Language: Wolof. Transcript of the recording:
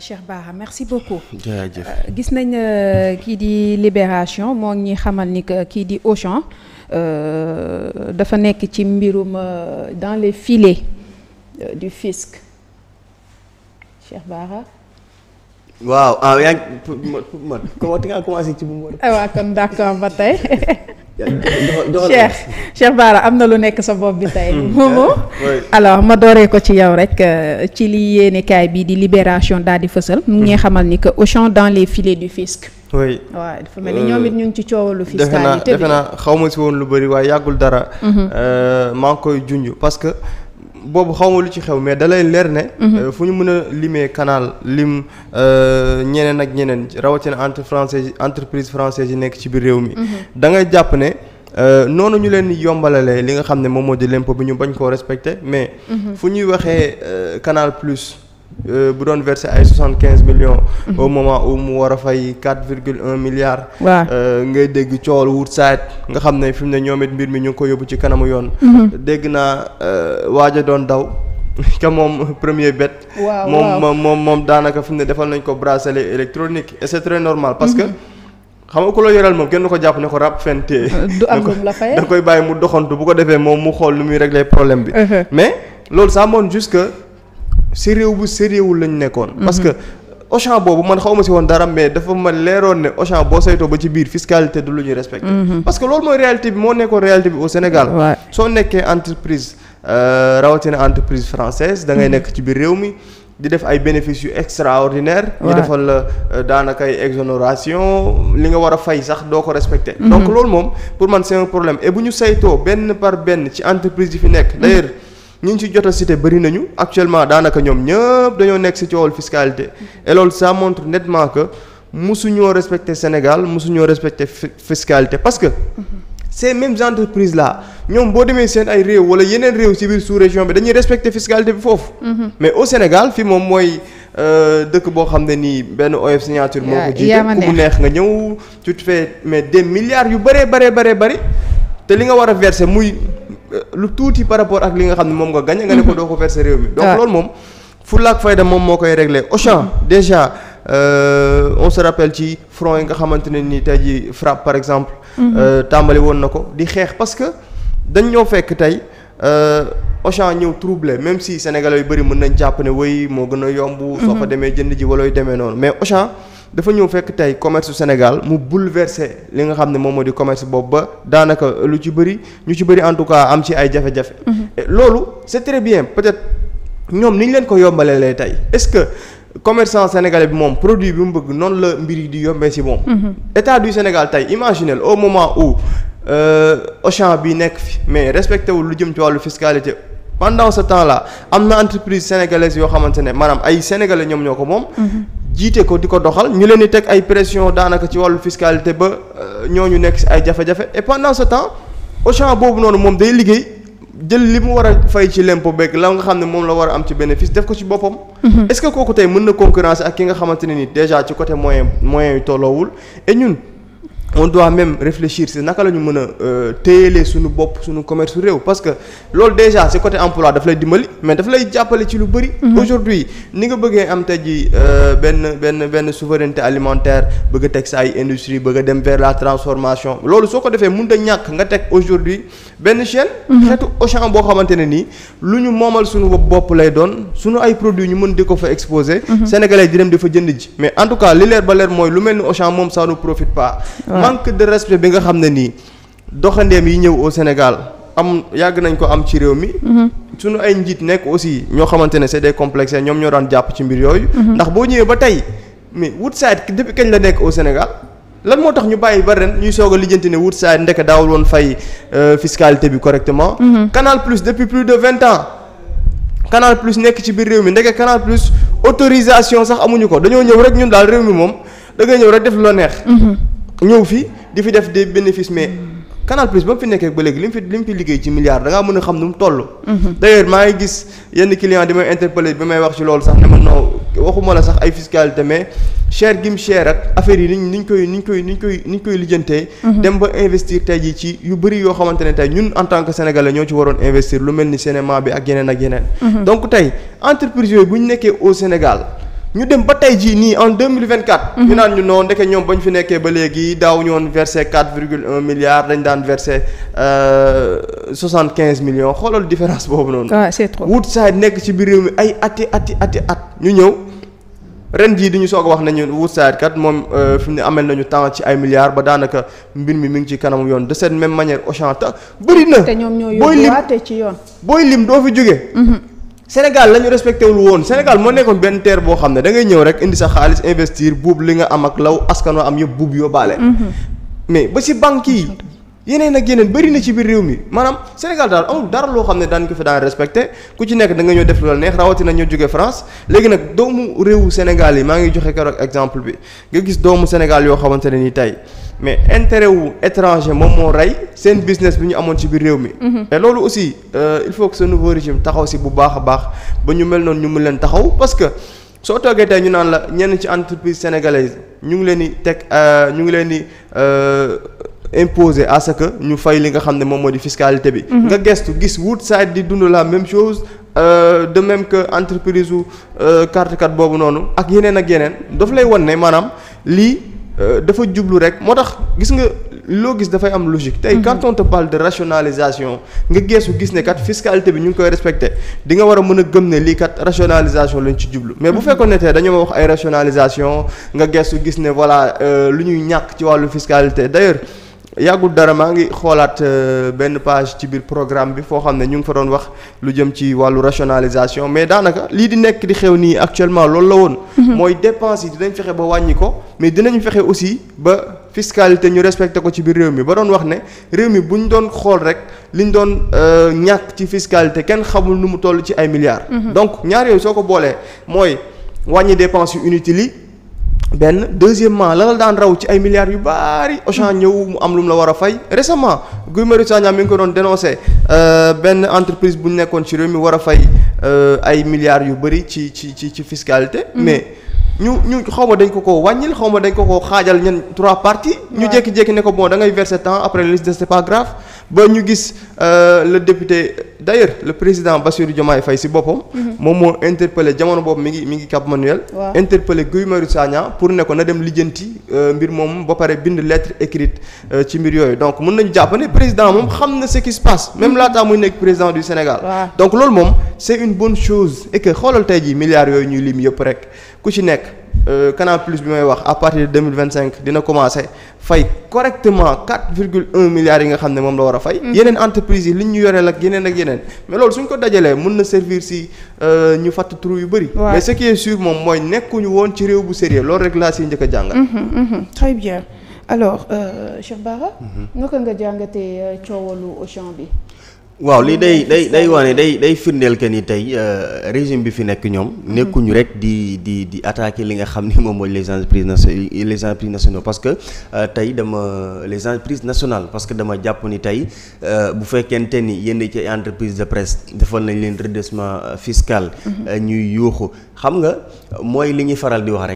Cheikh Bara merci beaucoup. Euh, gis nañ euh, kii di Libération moo ngi xamal ni que kii di Auchan euh, dafa nekk ci mbirum dans les filets du fisc Cheikh Bara. waaw ah yaa ngi pour man comment nga commencé ci bu mu. ah waaw kon d'accord ba tey. Cheikh Cheikh Bara am na lu nekk sa bopp bi tey hmm. moomu alors ma dooree ko ci yaw rek euh, ci li yéenekaay bii di libération daal di fësal mu ngi hmm. xamal ni que Auchan dans les filets du fisc oui waaw dafa mel euh, ñoom it ñu ngi ci coowalu fiscalité bi defe naa xaw ma si woon lu bëri waaye yàggul dara mhm. euh, maa koy junj parce boobu xaw ma lu ci xew mais da leer ne. Mhm. Euh, fu ñu mën a limee canal lim euh, ñeneen ak ñeneen rawatina entre français entreprise française yi nekk ci biir réew mi. Mhm. da ngay jàpp ne. Euh, noonu ñu leen yombalalee li nga xam ne moom moo di l'impôt bi ñu bañ koo respecté mais. Mhm. fu ñuy waxee Canal Plus. Euh, bu doon versé ay soixante quinze millions. Mhm. au moment où mu war a fay quatre virgule un milliard. waaw euh, ngay dégg cool Woodside nga xam ne fi mu ne ñoom mbir mi ñu ngi ko yóbbu ci kanamu yoon. Mhm. dégg naa euh, waaj a doon daw. ka moom premier bett waaw moom moom moom daanaka fi mu ne defal nañ ko bracelet électronique et c'est très normal parce que. Mhm. xam nga ku la yoreel moom kenn ko jàpp ne ko rap fente du am la fayee koy bàyyi mu doxantu bu ko defee moom mu xool nu muy régler problème bi. Uh-huh. mais si réew bu sérieux lañ nekkoon. Mhm. parce que Auchan boobu man xaw ma si woon dara mais dafa ma leeroon ne Auchan boo saytoo ba ci biir fiscalité du lu ñuy respecté. Mhm. parce que loolu mooy réalité bi moo nekkoon réalité bi au Sénégal. soo nekkee entreprise euh, rawatina entreprise française da ngay mhm. nekk ci biir réew mi. di def ay bénéfice yu extraordinaire ñu defal la euh, daanakay ay exonération li nga war a fay sax doo ko respecté donc loolu moom pour man c'est un problème et bu ñu saytoo benn par benn ci entreprise yi fi nekk ñu ñu ci jot a cité bëri nañu actuellement daanaka ñoom ñëpp dañoo nekk ci coowal fiscalité et loolu ça montre nettement que musuñoo respecter Sénégal musuñoo respecter fiscalité parce que ces mêmes entreprises là ñoom boo demee seen ay réew wala yeneen réew ci biir sous-région bi dañuy respecte fiscalité bi foofu mm-hmm. mais au Sénégal fii moom mooy euh, dëkk boo xam ne nii benn OF signature moo ko jiite ku mu neex nga ñëw tu te fais mais des milliards yu bëree bëree bëree bëri te li nga war a verser muy lu tuuti par rapport ak li nga xam ne moom nga gañ nga ne ko mhm. doo ko verser réew mi donc loolu moom fulaak fayda moom moo koy réglé Auchan mhm. déjà Euh, on se rappelle ci front yi nga xamante ne ni tey jii frappe par exemple. Mhm. Euh, tàmbali woon na ko di xeex parce que dañ ñoo fekk tey euh, Auchan ñëw troublé même si Sénégalais yu bëri mën nañ jàpp ne wéy moo gën a yomb. soo fa demee jënd ji walooy demee noonu mais Auchan. dafa ñëw fekk tey commerce Sénégal mu bouleversé li nga xam ne moom moo di commerce boobu ba daanaka lu ci bëri ñu ci bëri en tout cas am ci ay jafe-jafe. Mhm. loolu c'est très bien peut-être ñoom ni ñu leen ko yombalee lay tey est-ce que. commerçant sénégalais bi moom produit bi mu bëgg noonu la mbir yi di yombee ci moom. Mhm. état du Sénégal tey imaginez au moment où euh, Auchan bi nekk fi mais respecté wul lu jëm ci wàllu fiscalité pendant ce temps la am na entreprise sénégalaise yoo xamante ne maanaam ay sénégalais ñoom ñoo ko moom. Mhm. jiite ko di ko doxal ñu leen di teg ay pression daanaka ci wàllu fiscalité ba euh, ñu nekk si ay jafe-jafe et pendant ce temps Auchan boobu noonu moom day liggéey jël li mu war a fay ci lempo begg la nga xam ne moom la war a am ci bénéfice def ko ci boppam. Mm-hmm. est-ce kooku tey mën na concurrence ak ki nga xamante ne nii déjà ci côté moyen moyen yu tolloowul et ñun. on doit même réfléchir si naka la ñu mën a euh, téyelee suñu bopp suñu commerce su réew parce que loolu déjà si côté emploi daf lay dimbali mais dafa lay jàppale ci lu bëri mhm. aujourd'hui ni nga bëggee am tey ji euh, benn benn benn souveraineté alimentaire bëgg a teg sa ay industrie bëgg a dem vers la transformation loolu soo ko defee mun a ñàkk nga teg aujourd'hui benn chaîne mhm. xeetu Auchan boo xamante nii lu ñu moomal suñu bopp lay doon suñu ay produits ñu mën di ko fa exposer mhm. sénégalais di dem di fa jënd ji mais en tout cas li leer ba leer mooy lu mel ni Auchan moom ça ne profite pas manque de respect bi nga xam ne nii doxandeem yi ñëw au Sénégal am yàgg nañ ko am ci réew mi mhm. suñu ay njiit nekk aussi ñoo xamante ne c'est des complexes ñoom ñoo daan jàpp ci mais Woodside depuis kañ la nekk au Sénégal lan moo tax ñu bàyyi ba ren ñuy soog a lijjanti ne Woodside ndek daawul woon fay euh, fiscalité bi correctement. Mhm. Canal Plus depuis plus de vingt ans. Canal Plus nekk ci biir réew mi ndeke Canal Plus autorisation sax amuñu ko dañoo ñëw rek ñun daal réew mi moom da ngay ñëw rek def lu la neex. Mhm. ñëw fi di fi def des bénéfices mais. Canal Plus ba mu fi nekkee ba li mu fi liggéey ci milliards da ngaa mën a xam nu mu toll. Mhm. d'ailleurs maa ngi yenn client di may interpeller bi wax ci loolu sax ne waxuma la sax ay fiscalité mais cher gim cher ak affaire yi niñ niñ koy niñ koy niñ koy niñ koy lijjantee. Mhm. dem ba investir tey jii ci yu bëri yoo xamante ne tey ñun en tant que sénégalais ñoo ci waroon investir lu mel ni cinéma bi ak yeneen ak yeneen. Mhm. donc tey entreprise bu ñu nekkee au Sénégal. ñu dem ba tey jii nii en deux mille vingt quatre. Mhm. ñu naan ñu noonu ndeke ñoom ba ñu fi nekkee ba léegi daaw ñu woon versé quatre virgule un milliard dañ daan versé euh, soixante quinze millions xoolal différence boobu noonu. waaw c'est trop. wut nekk ci biir réew mi ay ati ati ati at ñu ñëw. ren jii di ñu soo a wax nañu Woodside kat moom euh, fi mu ne amel nañu temps ci ay milliards ba daanaka mbir mi mi ngi ci kanamu yoon de cette même manière Auchan ta bëri na. te ñoom ñoo yóbbuwaate ci yoon booy lim doo fi jóge mhm. Sénégal la ñu wul woon Sénégal moo nekkoon benn terre boo xam ne dangay ñëw rek indi sa xaalis investir buub li nga am ak law askan am yëpp buub yóbbaale. Mhm. mais ba si banque yi. yeneen ak yeneen bëri na ci biir réew mi maanaam Sénégal daal amul dara loo xam ne daan ko fi daan ku ci nekk da nga ñëw def lu la neex rawatina ñoo jógee France léegi nag doomu réewu Sénégal yi maa ngi joxe keroog exemple bi nga gis doomu Sénégal yoo xamante ne ni tey mais intérêt wu étranger moom moo rey seen business bi ñu amoon ci biir réew mi. mais mm-hmm. loolu aussi euh, il faut que ce nouveau régime taxaw si bu baax a baax ba ñu mel noonu ñu mu leen taxaw parce que. soo toogee tey ñu naan la ñenn ci entreprise sénégalaise ñu ngi leen di teg euh, ñu imposer à que ñu fay li nga xam ne moom moo di fiscalité bi. Mhm. nga gestu gis Woodside di dund la même chose. Euh, de même que entreprise u euh, carte kat boobu noonu ak yeneen ak yeneen daf lay wan ne maanaam lii euh, dafa jublu rek moo tax gis nga loo gis dafay am logique. tey mhm. quand on te parle de rationalisation nga geesu gis ne kat fiscalité bi ñu ngi koy respecté di nga war a mën a gëm ne lii kat rationalisation lañ ci jublu. mais bu mhm. fekkoon ne tey dañoo wax ay rationalisation nga geesu gis ne voilà euh, lu ñuy ñàkk ci wàllu fiscalité d'ailleurs. yàggul dara maa ngi xoolaat euh, benn page ci biir programme bi foo xam ne ñu ngi fa doon wax lu jëm ci wàllu rationalisation mais daanaka lii di nekk di xew nii actuellement loolu la woon. Mhm. mooy dépenses yi dinañ fexe ba wàññi ko. mais dinañu fexe aussi ba fiscalité ñu respecté ko ci biir réew mi ba doon wax ne réew mi bu ñu doon xool rek ñu doon euh, ñàkk ci fiscalité kenn xamul nu mu toll ci ay milliards. Mhm. donc ñaar yooyu soo ko boolee mooy wàññi dépenses yu inutiles benn deuxièmement la la daan raw ci ay milliards yu bari Auchan ñëw mu am lu la war a fay récemment Guy Marius Sagna mi ngi ko doon dénoncé euh, benn entreprise bu nekkoon ci réew mi war a fay euh, ay milliards yu bëri ci ci ci ci fiscalité mm-hmm. mais ñu ñu xaw ma dañ ko koo wàññil xaw ma dañ ko koo xaajal ñen trois parties. ñu jékki-jékki ne ko bon da ngay verser temps après le liste c'est ba ñu gis euh, le député d'ailleurs le président Bassirou Diomaye fay si boppam. Mm-hmm. moom moo interpellé jamono boobu mi ngi mi ngi Cap Manuel. waaw interpellé Guy Marius Sagna pour ne ko na dem lijjanti euh, mbir moom ba pare bind lettre écrite euh, ci mbir yooyu donc mën nañu jàpp ne président moom xam na ce qui se passe. même mm-hmm. laataa muy nekk président du Sénégal. donc loolu moom c'est une bonne chose et tey jii milliards yooyu ñuy lim yëpp rek. ku ci nekk euh, canal plus bi may wax à de deux mille dina commencer fay correctement quatre virgule un milliards yi nga xam ne moom la war a fay. Mm-hmm. yeneen entreprises yi li ñu yoreel ak yeneen ak yeneen mais loolu suñ ko dajalee mën na servir si euh, ñu fàtt trou yu bëri. mais ce qui moom mooy nekkuñu woon ci réew bu sérieux loolu rek laa siy njëkk a jàngal. Mm-hmm, mm-hmm. très bien alors euh, Cheikh Bara. naka nga jàngatee coowalu Auchan bi. waaw lii day day day wane day day firndeel que ni tey euh, régime bi fi nekk ñoom. Mhm. nekkuñu rek di di di attaquer li nga xam ni moom mooy les entreprises nationales les entreprises nationales parce que euh, tey dama les entreprises nationale parce que dama jàpp ni tey euh, bu fekkente ni yenn ci entreprise de presse defal nañ leen redressement fiscal. Mhm. ñuy yuuxu xam nga mooy li ñuy faral di wax rek.